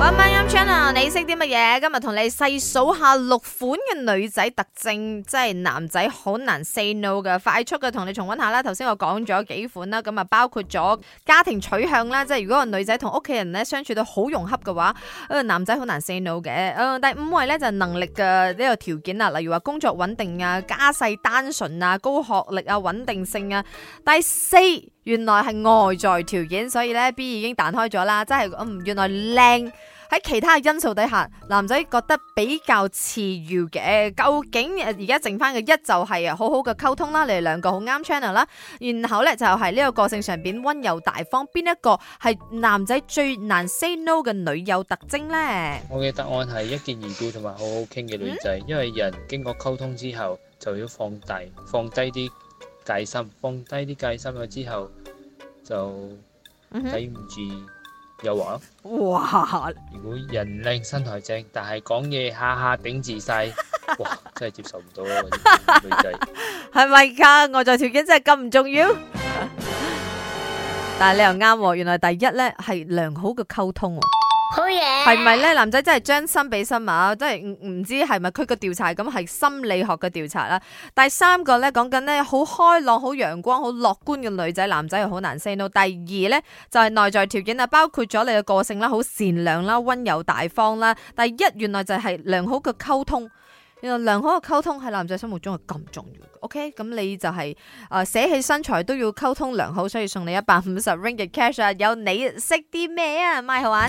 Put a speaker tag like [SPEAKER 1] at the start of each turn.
[SPEAKER 1] 今晚音窗啊，Channel, up, 你識啲乜嘢？今日同你細數下六款嘅女仔特徵，即係男仔好難 say no 㗎。快速嘅同你重溫下啦，頭先我講咗幾款啦，咁啊包括咗家庭取向啦，即係如果個女仔同屋企人咧，相處到好融洽嘅話，誒、呃、男仔好難 say no 嘅。誒、呃、第五位咧就係能力嘅呢個條件啊，例如話工作穩定啊、家世單純啊、高學歷啊、穩定性啊。第四。原來係外在條件，所以咧 B 已經彈開咗啦。真係，嗯，原來靚喺其他嘅因素底下，男仔覺得比較次要嘅。究竟誒，而家剩翻嘅，一就係好好嘅溝通啦，你哋兩個好啱 channel 啦。然後咧就係呢個個性上面溫柔大方，邊一個係男仔最難 say no 嘅女友特徵呢？
[SPEAKER 2] 我嘅答案係一見如故同埋好好傾嘅女仔，因為人經過溝通之後就要放低放低啲戒心，放低啲戒心咗之後。就抵唔住誘惑。哇！如果人靚身材正，但係講嘢下下頂自細，哈哈 哇！真係接受唔到
[SPEAKER 1] 啦，我女仔。係咪㗎？外在條件真係咁唔重要？ 但係你又啱喎，原來第一咧係良好嘅溝通，啊。
[SPEAKER 2] 係咪咧？男仔
[SPEAKER 1] 真係將心比心啊！真係唔唔知係咪佢個調查咁係心理學嘅調查啦。第三個咧講緊呢好開朗、好陽光、好樂觀嘅女仔，男仔又好難 say 到。第二咧就係、是、內在條件啊，包括咗你嘅個性啦，好善良啦，温柔大方啦。第一原來就係良好嘅溝通，原來良好嘅溝通喺男仔心目中係咁重要嘅。OK，咁你就係、是、誒，捨、呃、棄身材都要溝通良好，所以送你一百五十 ringgit cash 啊！有你識啲咩啊？麥好玩。